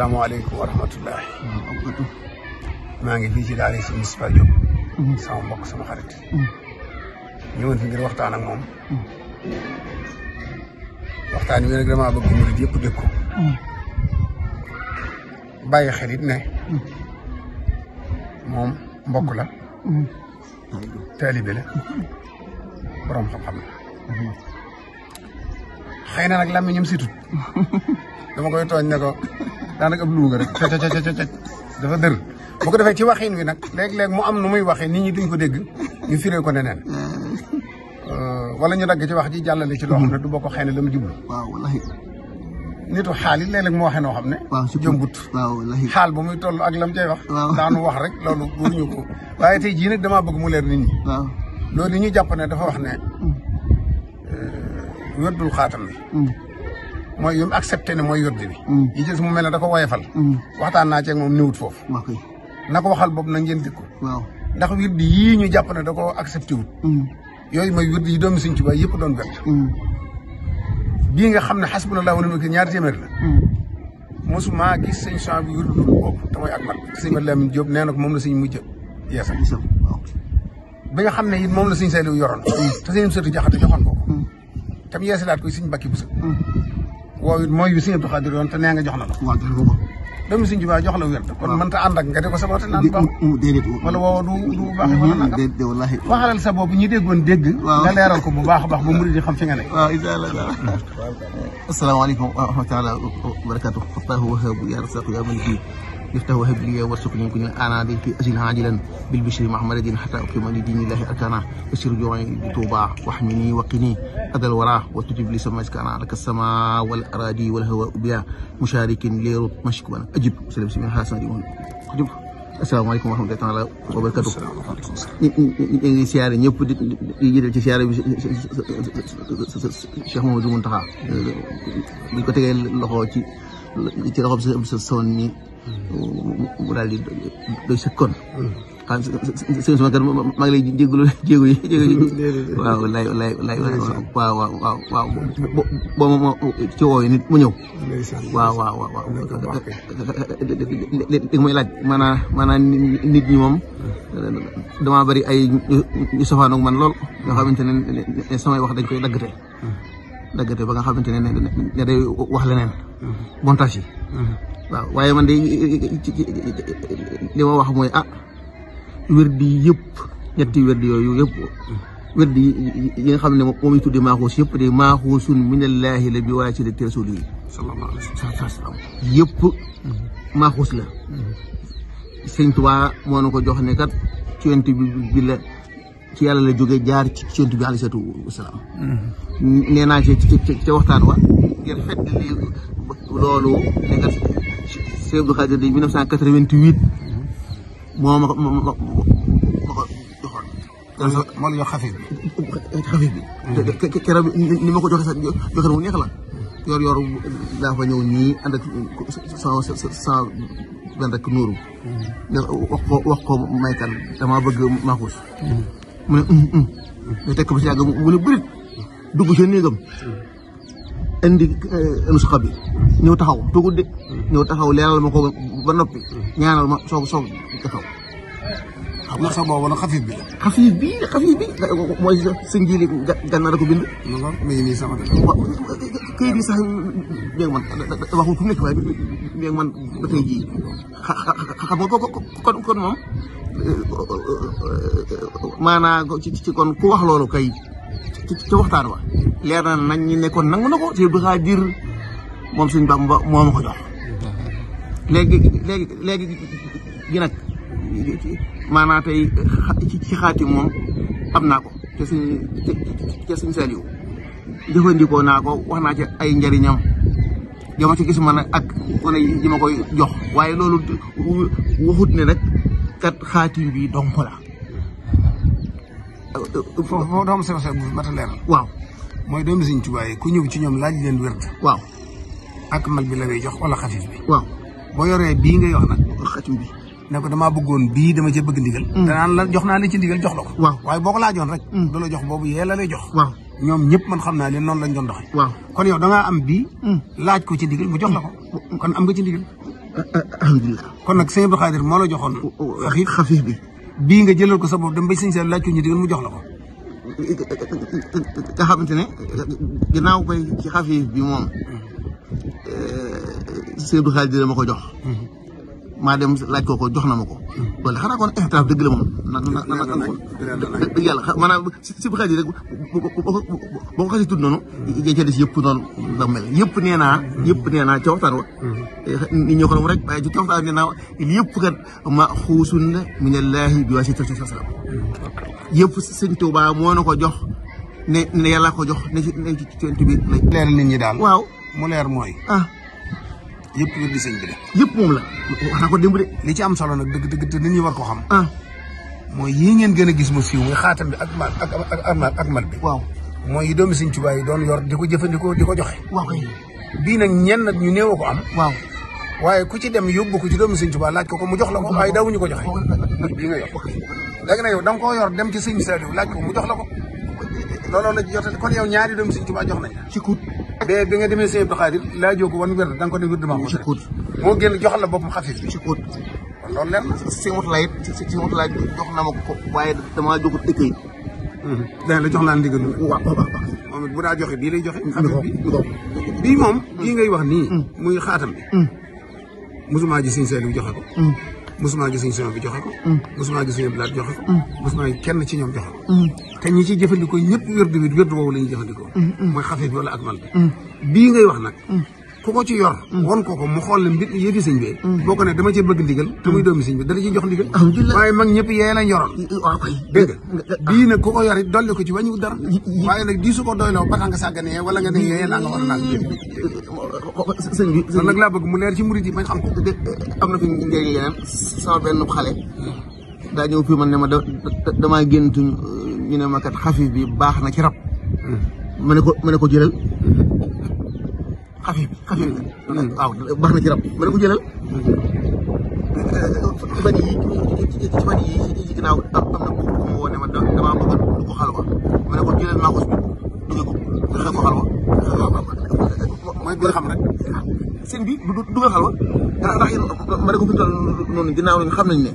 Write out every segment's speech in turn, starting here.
السلام عليكم ورحمة الله ما عندي في شيء داري في المستقبل جو سام بق سام خارج يوم في غير وقت أنا قوم وقت أنا مين غير ما أبغى عمر دي بديكو باي خريب نه مم بقولا تالي بلا برام خبر xëy na nag làmmiñam situt dama koy tooñ ne ko daanaka ab luuga rek ca ca dafa dër ko defee ci waxin wi nag léeg-léeg mu am nu muy waxee nit ñi duñ ko dégg ñu firee ko neneen euh, wala ñu dagg ci wax ji jàllale ci loo xam ne du bokk xëy na la mu jublu waaw wallahi nitu xaal yi léeg-léeg mu waxee noo xam ne jëmbut xaal ba muy toll ak lam cay wax daanu wax rek loolu buruñu ko waaye tey jii nag damaa bëgg mu leer nit ñi loolu ñu jàpp ne dafa wax ne mm. wërdul xaatam bi mm. mooy yu mu accepté ne mooy wërdi bi mm. yi gis mu mel ne da ko woyefal mm. waxtaan naa ceeg moom néewut foofu na ko waxal boobu na ngeen dikku ko ndax wirdi yii ñu jàpp ne da ko accepté wut yooyu mooy wirdi yi doomi Sëñ Tuubaa yëpp doon benn bii nga xam ne xasbunallaahu wa ni'mal wakiil ñaari téeméer la mosuma gis sëñ sang bi wirdu lu boobu te mooy ak mat sëñ ma Lamin Jóob nee na ko moom la sëñ mujj yeesal bi nga xam ne it moom la sëñ Saliou yoroon te sëñ sëtu jaxate joxoon ko tam yeesalaat koy sëñ Mbàkke Buso woow it mooy yu sëñ Abdu Xaadir yoon te nee nga jox na la waaw jox na ko doomu jox la wér man ta ànd ak nga di ko saboote naan baax déedéet wala woowa du du baax wala mm-hmm, nangam déedéet wallaahi waxalal sa bopp ñi leeral ko bu baax a baax ba murid di xam fi nga ne waaw incha allah mm. asalaamaaleykum wa rahmatulah wa barakaatu fataahu wahabu yaa rasaqu yaa maliki يفتح وهب لي وارزقني يمكن الانادي في اجل عاجلا بالبشر محمد حتى اقيم لدين الله اركانا بشر جوعي بتوبة واحمني وقني هذا الورى وتجب لي سماسك انا لك السماء والاراضي والهواء بيا مشارك لي رب مشك وانا اجب وسلم سيدنا حسن اجب السلام عليكم ورحمه الله تعالى وبركاته السلام عليكم ngi siyaare نيب دي di jëdal ci siyaare bi Cheikh Mamadou Mountakha di ko ci loxoom si am sa son ni mu daal di doy sëkkoon xam sëñ sama kan maa ngi lay jégalu jéego yi waaw lay lay lay waaw waaw waaw waaw boo ma ci wooyu nit mu ñëw waaw waaw waaw waaw dégg may laaj maanaam maanaam nit ñi moom damaa bari ay ñu sofaanoog man lool nga xamante ne samay wax dañ koy daggate daggate ba nga xamante ne ne day wax leneen montage yi waaw waaye man de li ma wax mooy ah wérdi yëpp ñetti wérdi yooyu yëpp wérdi yi xam ne moom ñu tudde maaxuus yëpp de maaxuusun minallaahi la bi waasilati moo na ko jox ne kat ci yonent bi bi la ci yàlla la jógee jaar ci séntu bi ci waxtaan wa ngeen fet li loolu li nga Cheikh Abdou ma ko ma ma ma bi. ni ma ko joxe sax joxe mu neex la. yor yor daa fa ñëw ñii ànd rek nuuru. Mm-hmm. wax ko wax dama bëgg maaxuus. mu ne um um ñu ba si yàgg mu ne bërit dugg si néegam indi eh, nusxa bi ñëw taxaw tugudde ñëw taxaw leeral ma ko ba noppi ñaanal ma soog soog taxaw xam nga sax boobu nag xafif bi la. xafif bii xafif bii mooy sa njiili gànnaar ko bind. mais yi sax bi man waxul ku nekk waaye bi man ba tey jii xam nga ko kon kon moom. maanaam ci ci kon ku wax loolu kay ci waxtaan wa leer nañ ñu ne kon nangu na ko si bu moom suñ Bàmba moo ma ko jox léegi léegi léegi gi nag maanaam tey ci xaatim moom am naa ko te suñ te suñ Saliou naa ko wax naa ci ay njëriñam dama ci gis man ak man yi ma koy jox waaye loolu waxut ne nag kat xaatim bi donc la. foofu foofu doomu seen seen bu mat a leeral. waaw mooy doomu si Tuubaa yi ku ñëw ci ñoom laaj leen wérd. waaw ak mal bi la lay jox wala xatif bi. waaw boo yoree bii nga wax nag xatim bi. ne ko damaa bëggoon bii dama cee bëgg ndigal. Mm. danaan la jox naa li ci ndigal jox la ko. waaw waaye boo ko laajoon rek. Mm. du la jox boobu yee la lay jox. waaw ñoom ñëpp man xam naa leen noonu lañ doon doxee. waaw kon yow da ngaa am bii. Mm. laaj ko ci ndigal mu jox la ko. kon am nga ci ndigal. alhamdulilah. kon nag sëñ Abdou Khadir moo joxoon. xafiif xafiif bi. bii nga jëlal ko sa bopp dem ba sëñ Saliou laaj ko ñu digal mu jox la ko. nga xamante ne ginnaaw koy ci xafiif bi moom. Mm-hmm. Eh, sëñ Abdou Khadir ma ko jox. Mm-hmm. maa dem laaj ko jox na ma ko loolu xanaa kon ixtiraaf dëgg la moom na na na na dëgg yàlla maanaam si bu xaji rek boo ko xasi tudd noonu ca des yëpp noonu la mel yëpp nee naa yëpp nee naa wa ni ñoo ko doon rek waaye ci ca waxtaan nee naa yëpp kat ma xuusun la minallaahi bi waasi tafsir salaam yëpp sëñ Tuubaa moo na ko jox ne ne yàlla ko jox ne ci ne ci cont bi leer nit ñi daal waaw mu leer mooy ah. yëpp wér gi sëñ bi de. yëpp la wax ko démb de. li ci am solo nag dëgg dëgg te nit ñi war ko xam. ah mooy yii ngeen gën a gis mu siiw muy xaatam bi ak mal ak ak mal ak mal bi. mooy yi doomi sëñ Tuubaa yi doon yor di ko jëfandikoo di ko joxe. waaw kay bii nag ñu néew ko am. waaw waaye ku ci dem yóbbu ko ci doomi sëñ Tuubaa laaj ko ko mu jox la ko waaye dawuñu ko joxe. bii nga yor léegi nag yow da nga yor dem ci sëñ Saliou laaj ko mu jox la ko looloo la ci jotali kon yow ñaari doomi sëñ Tuubaa jox nañ ci kut be bi nga demee si Abdou Khadir laa jóg wan wér da nga ko def wér moo ci kuut moo génn joxal la boppam xafis bi ci kuut kon loolu leer na si matulaay it jox ko waaye damaa jógut dëkk yi hmm. dana la jox naa ndigal waaw waaw moom it bu daa joxe bii lay joxe xafis bi bii moom bii hmm. ngay wax nii hmm. muy xaatam bi mosumaa ji sëñ Saliou joxe ko mosuma gis suñu sëriñ bi joxe ko. Mm. mosuma gis suñu bilaat joxe ko. Mm. kenn ci ñoom joxe ko. Mm. te ñi ciy jëfandikoo ñëpp wérdu bi woowu la ñuy jëfandikoo. mooy xafif bi wala akmal bi. bii ngay wax nag. ku ci yor mm. won ko ko mu xool mbir yëfi sëñ bi mm. boo ko ne dama cee bëgg ndigal te muy mm. doomi sëñ bi dala ciy jox ndigal waaye mag ñëpp yee lañ yoroon dégg bii ah. nag ku ko yor it ko ci wàññiwul dara waaye nag di su ko doyloo ba tax nga sàgganee wala nga ne yee naa nga war a naan sëñ bi loolu nag laa bëgg mu leer ci murid yi bañ xam am na fi ngeen yeneen sama benn xale daa ñëw fii man ne ma damaa génn ñu ne ma kat xafif bi baax na ci rab ma ne ko ma ne ko jëlal xafi xafi waaw baax na ci rab mën na ko jëlal ci fan yi ci fan na ku mu woo ne ma damaa bëgg du ko xalwa ma ne ko jëlal maa ko du xam rek sëñ bi ne ko fi noonu ginnaaw lañ xam nañ ne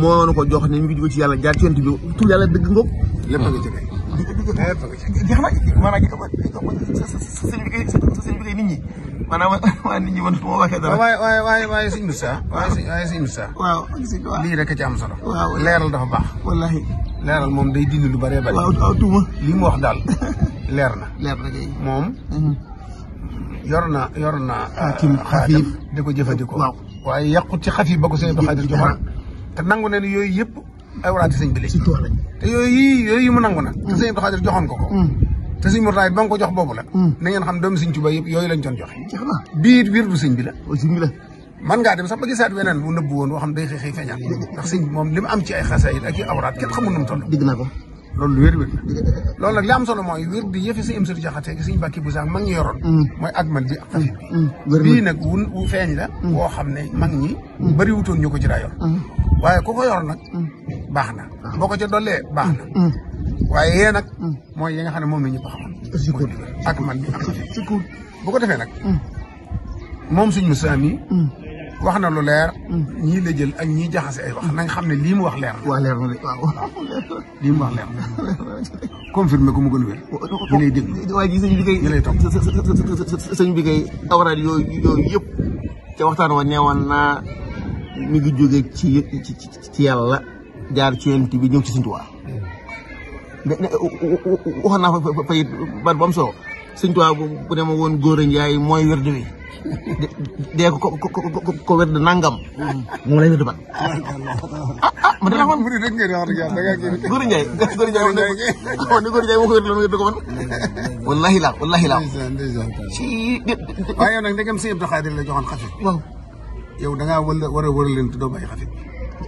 moo nu ko jox ne mi ngi ci yàlla jaar ci bi tur yàlla dëgg nga Eh, jeex eh, eh, na maanaam gi ko sëñ bi kay nit ñi maanaam waa nit ñi man fu ma waxee dara waaye waaye waaye waaye sëñ Moussa waaye waaye sëñ Moussa waaw lii rek a ci am solo waaw leeral dafa baax wallahi leeral moom day mhm. dindi lu bëree bëri waaw tuuma li mu Yorna, Yorna, leer na leer na kay moom yor na yor na xafiif di ko jëfandikoo waaye yàqut ci xafiif ba te yooyu yooyu mu nangu nag. Mm. te sëñ Abdou Khadir joxoon ko ko. Mm. te sëñ ba nga jox boobu la. Mm. na ngeen xam doomu sëñ Tuubaa yëpp yooyu lañ doon joxe. biir biir du sëñ bi la. Oh, sëñ bi man ngaa dem sax ba gisaat weneen bu nëbbu woon boo xam day xëy xëy feeñaat ndax am ci ay xasaayid ak i awraat kenn xamul nu mu toll. dégg naa wu feeñ la woo xam ne mag ñi bëri wutoon ñu ko ci daa yor waaye ku ko yor nag baax na. boo ko ca dollee baax na. Mm, mm. waaye yee nag. Mm. mooy yi nga xam ne moom la ñëpp xamal. sukkur ak man bi ak sukkur ko defee nag. moom suñu musaam yi. wax na lu leer. ñii la jël ak ñii jaxase ay wax na xam ne lii mu wax leer na. waaw mu wax leer na. confirmé ko mu gën a wér. ñu lay bi kay. ñu lay toog yooyu yooyu ca waxtaan wa neewoon naa mi ngi jóge ci ci jaar ci yonent bi ñëw ci Sëñ Tuubaa waxoon naa fa fa it ba am solo Sëñ Tuubaa bu dema woon góor njaay mooy wérd wi dee ko ko ko ko wérd nangam. moom lay wérd ban. a ah, ah man de la man. rek ngeen wax dëgg yàlla da ngaa génn. góor njaay góor ne góor njaay moo ko wérd loolu wérd ko man. wallaahi laa wallaahi waaye yow nag ndegam si Abdou Khadir la joxoon xafi. da ngaa a war a wër leen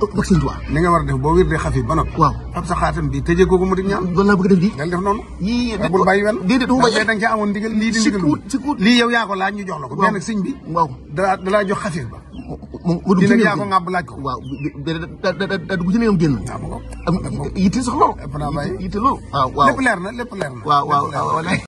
ak sëñ Tuubaa ni nga war a def boo wirdee xafi ba noppi waaw ab sa xaatam bi tëjee kooku mu di ñaan loolu laa def di dal def noonu yii bul bàyyi wenn déedéet du ma da nga ca amoon ndigal bi waaw dalaa xafif ba di nag yaa waaw daa dugg ci néegam génn am yitte sax loolu yitte loolu waaw waaw waaw waaw